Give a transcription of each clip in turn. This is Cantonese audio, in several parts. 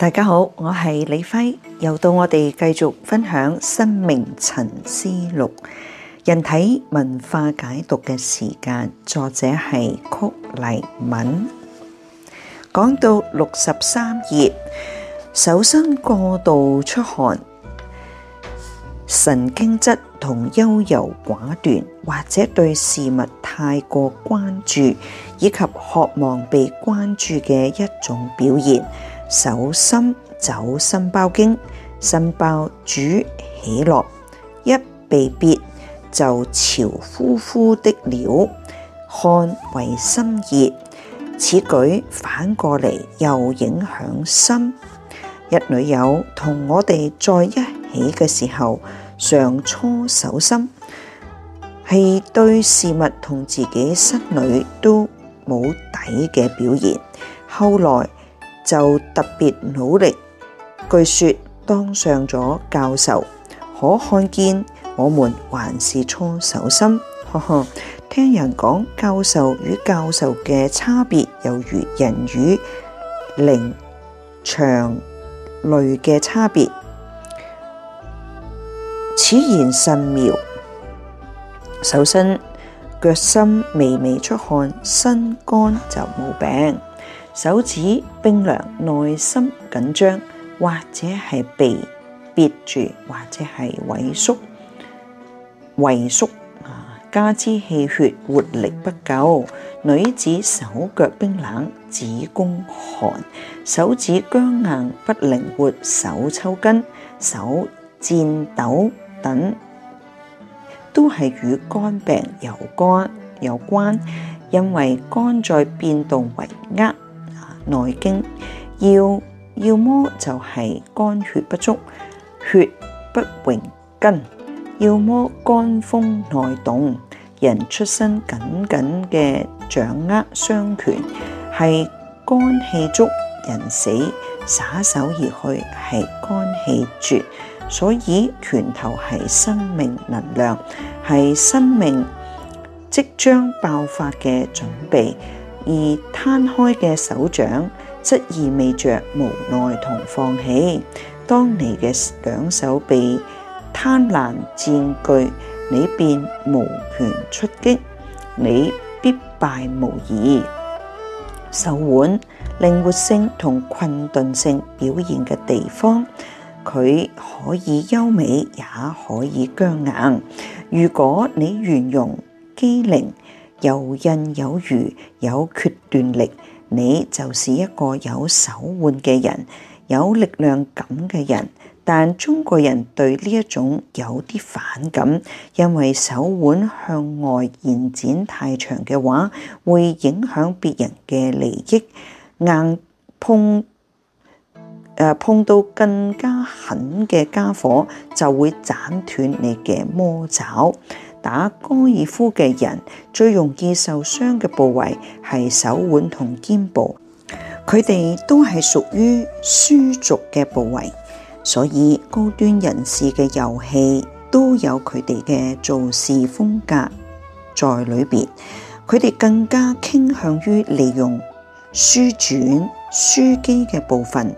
大家好，我係李輝，又到我哋繼續分享《生命沉思錄：人體文化解讀》嘅時間，作者係曲黎敏。講到六十三頁，手心過度出汗，神經質同優柔寡斷，或者對事物太過關注，以及渴望被關注嘅一種表現。手心走心包經，心包主喜樂，一被憋就潮呼呼的了，汗為心熱，此舉反過嚟又影響心。一女友同我哋在一起嘅時候，常搓手心，係對事物同自己心裏都冇底嘅表現，後來，就特別努力，據說當上咗教授，可看見我們還是搓手心，呵呵。聽人講教授與教授嘅差別，猶如人與靈長類嘅差別，此言甚妙。手心，腳心微微出汗，身乾就冇病。手指冰涼，內心緊張，或者係被憋住，或者係萎縮、萎縮啊！加之氣血活力不夠，女子手腳冰冷，子宮寒，手指僵硬不靈活，手抽筋、手顫抖等，都係與肝病有關有關，因為肝在變動為厄。內經要要麼就係肝血不足，血不榮筋。要麼肝風內動，人出生緊緊嘅掌握雙拳，係肝氣足，人死撒手而去；係肝氣絕，所以拳頭係生命能量，係生命即將爆發嘅準備。而攤開嘅手掌，則意味著無奈同放棄。當你嘅兩手被貪婪佔據，你便無權出擊，你必敗無疑。手腕靈活性同困頓性表現嘅地方，佢可以優美，也可以僵硬。如果你圓融機靈。游刃有餘，有決斷力，你就是一個有手腕嘅人，有力量感嘅人。但中國人對呢一種有啲反感，因為手腕向外延展太長嘅話，會影響別人嘅利益。硬碰誒，碰到更加狠嘅家伙，就會斬斷你嘅魔爪。打高爾夫嘅人最容易受傷嘅部位係手腕同肩部，佢哋都係屬於樞軸嘅部位，所以高端人士嘅遊戲都有佢哋嘅做事風格在裏邊，佢哋更加傾向於利用樞轉樞機嘅部分，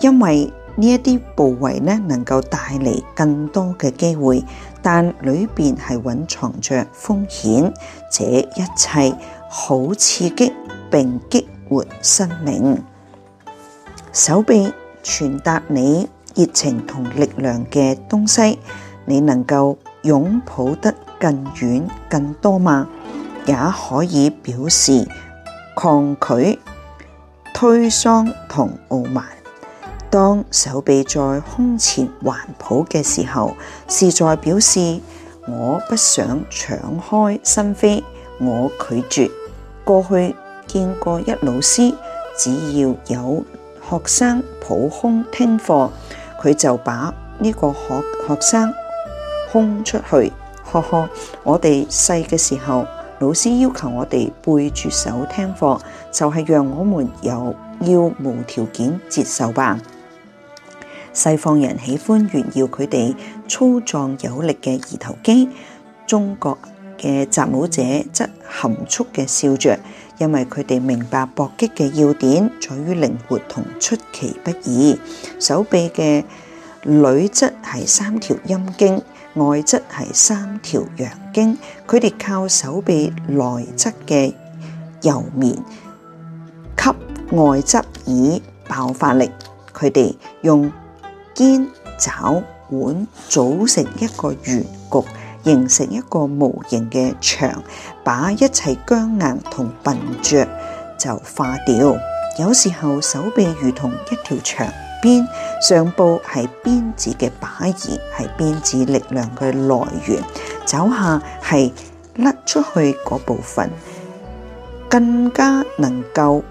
因為。呢一啲部位呢，能夠帶嚟更多嘅機會，但裏邊係隱藏着風險，這一切好刺激並激活生命。手臂傳達你熱情同力量嘅東西，你能夠擁抱得更遠更多嗎？也可以表示抗拒、推搡同傲慢。當手臂在胸前環抱嘅時候，是在表示我不想敞開心扉，我拒絕。過去見過一老師，只要有學生抱胸聽課，佢就把呢個學學生空出去。呵呵，我哋細嘅時候，老師要求我哋背住手聽課，就係、是、讓我們有要無條件接受吧。西方人喜歡炫耀佢哋粗壯有力嘅二頭肌，中國嘅習武者則含蓄嘅笑着，因為佢哋明白搏擊嘅要點在於靈活同出其不意。手臂嘅裏側係三條陰經，外側係三條陽經。佢哋靠手臂內側嘅柔綿給外側以爆發力。佢哋用肩、肘、腕組成一個圓局，形成一個模形嘅牆，把一切僵硬同笨拙就化掉。有時候手臂如同一條長鞭，上部係鞭子嘅把兒，係鞭子力量嘅來源；走下係甩出去嗰部分，更加能夠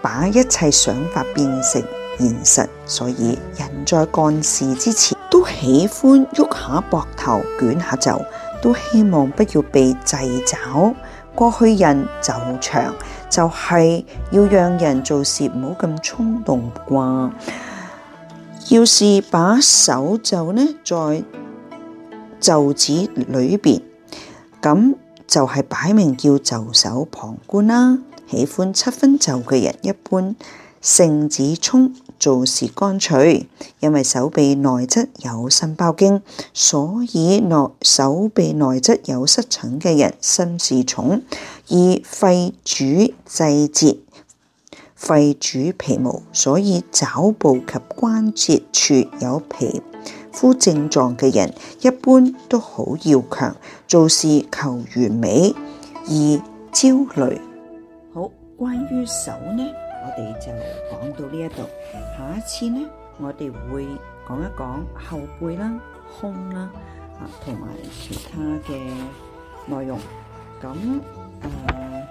把一切想法變成。現實，所以人在幹事之前都喜歡喐下膊頭捲下袖，都希望不要被掣肘。過去人袖長，就係、是、要讓人做事唔好咁衝動啩。要是把手袖呢在袖子裏邊，咁就係擺明叫袖手旁觀啦。喜歡七分袖嘅人一般性子衝。做事乾脆，因為手臂內側有心包經，所以內手臂內側有濕疹嘅人心事重；而肺主治節，肺主皮毛，所以肘部及關節處有皮膚症狀嘅人，一般都好要強，做事求完美，易焦慮。好，關於手呢，我哋就講到呢一度，下一次呢，我哋會講一講後背啦、胸啦啊，同埋其他嘅內容。咁誒、呃，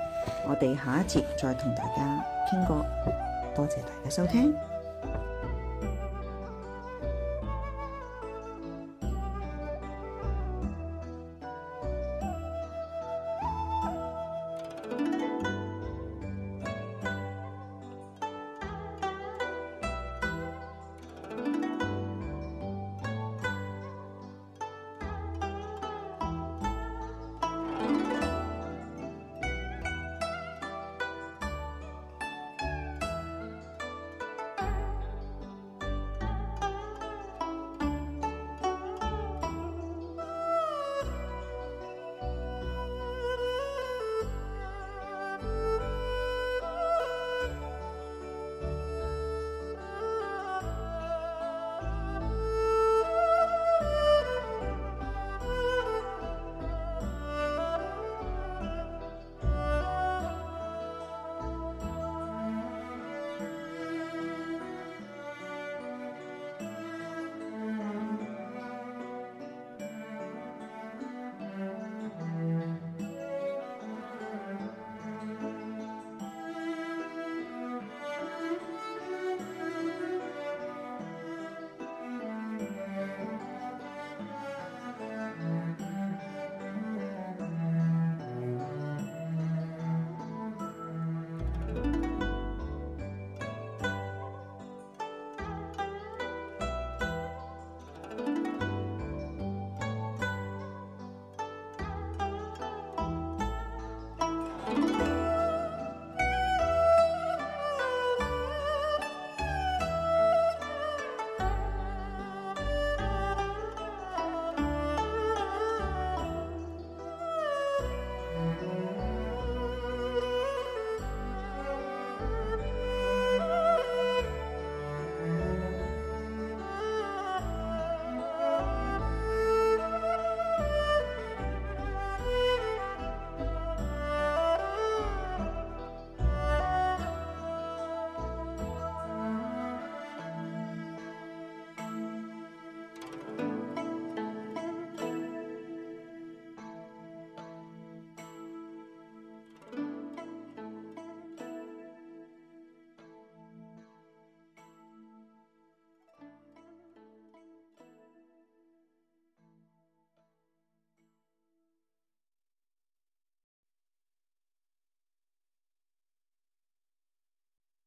我哋下一節再同大家傾過，多謝大家收聽。